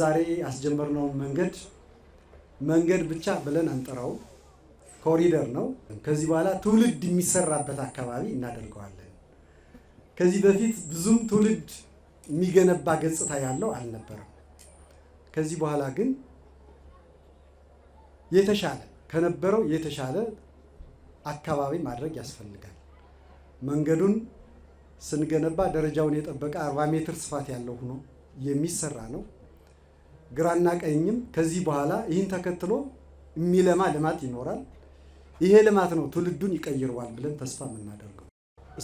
ዛሬ ያስጀመርነውን መንገድ መንገድ ብቻ ብለን አንጠራው ኮሪደር ነው። ከዚህ በኋላ ትውልድ የሚሰራበት አካባቢ እናደርገዋለን። ከዚህ በፊት ብዙም ትውልድ የሚገነባ ገጽታ ያለው አልነበረም። ከዚህ በኋላ ግን የተሻለ ከነበረው የተሻለ አካባቢ ማድረግ ያስፈልጋል። መንገዱን ስንገነባ ደረጃውን የጠበቀ 40 ሜትር ስፋት ያለው ሆኖ የሚሰራ ነው። ግራና ቀኝም ከዚህ በኋላ ይህን ተከትሎ የሚለማ ልማት ይኖራል። ይሄ ልማት ነው ትውልዱን ይቀይረዋል ብለን ተስፋ የምናደርገው።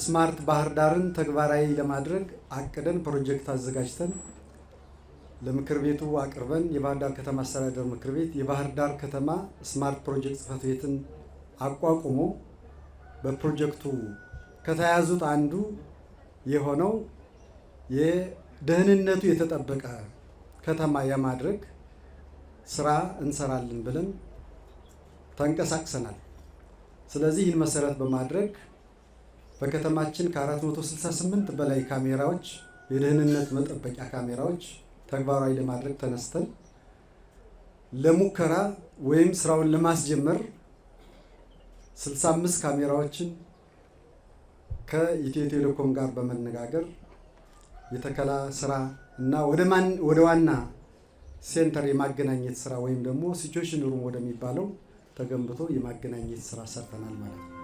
ስማርት ባህር ዳርን ተግባራዊ ለማድረግ አቅደን ፕሮጀክት አዘጋጅተን ለምክር ቤቱ አቅርበን የባህር ዳር ከተማ አስተዳደር ምክር ቤት የባህር ዳር ከተማ ስማርት ፕሮጀክት ጽፈት ቤትን አቋቁሞ በፕሮጀክቱ ከተያዙት አንዱ የሆነው የደህንነቱ የተጠበቀ ከተማ የማድረግ ስራ እንሰራለን ብለን ተንቀሳቅሰናል። ስለዚህ ይህን መሰረት በማድረግ በከተማችን ከ468 በላይ ካሜራዎች የደህንነት መጠበቂያ ካሜራዎች ተግባራዊ ለማድረግ ተነስተን ለሙከራ ወይም ስራውን ለማስጀመር 65 ካሜራዎችን ከኢትዮ ቴሌኮም ጋር በመነጋገር የተከላ ስራ እና ወደ ዋና ሴንተር የማገናኘት ስራ ወይም ደግሞ ሲቹዌሽን ሩም ወደሚባለው ተገንብቶ የማገናኘት ስራ ሰርተናል ማለት ነው።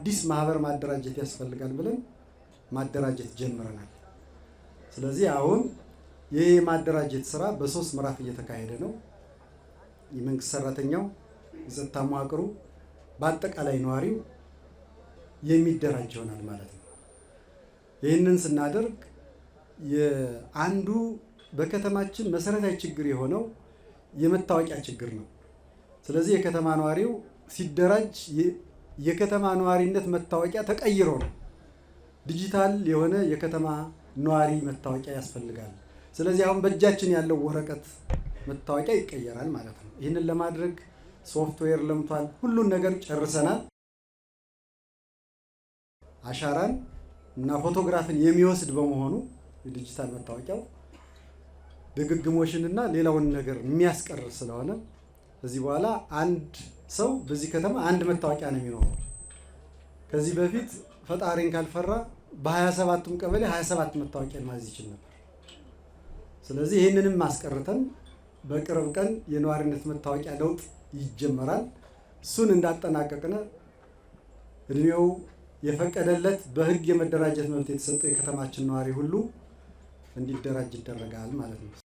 አዲስ ማህበር ማደራጀት ያስፈልጋል ብለን ማደራጀት ጀምረናል። ስለዚህ አሁን ይህ የማደራጀት ስራ በሶስት ምዕራፍ እየተካሄደ ነው። የመንግስት ሰራተኛው፣ የጸጥታ መዋቅሩ፣ በአጠቃላይ ነዋሪው የሚደራጅ ይሆናል ማለት ነው። ይህንን ስናደርግ አንዱ በከተማችን መሰረታዊ ችግር የሆነው የመታወቂያ ችግር ነው። ስለዚህ የከተማ ነዋሪው ሲደራጅ የከተማ ነዋሪነት መታወቂያ ተቀይሮ ነው። ዲጂታል የሆነ የከተማ ነዋሪ መታወቂያ ያስፈልጋል። ስለዚህ አሁን በእጃችን ያለው ወረቀት መታወቂያ ይቀየራል ማለት ነው። ይህንን ለማድረግ ሶፍትዌር ለምቷል። ሁሉን ነገር ጨርሰናል። አሻራን እና ፎቶግራፍን የሚወስድ በመሆኑ የዲጂታል መታወቂያው ድግግሞሽን እና ሌላውን ነገር የሚያስቀር ስለሆነ ከዚህ በኋላ አንድ ሰው በዚህ ከተማ አንድ መታወቂያ ነው የሚኖረው። ከዚህ በፊት ፈጣሪን ካልፈራ በ27ቱም ቀበሌ 27 መታወቂያ ማዝ ይችል ነበር። ስለዚህ ይህንንም አስቀርተን በቅርብ ቀን የነዋሪነት መታወቂያ ለውጥ ይጀመራል። እሱን እንዳጠናቀቅነ እድሜው የፈቀደለት በህግ የመደራጀት መብት የተሰጠው የከተማችን ነዋሪ ሁሉ እንዲደራጅ ይደረጋል ማለት ነው።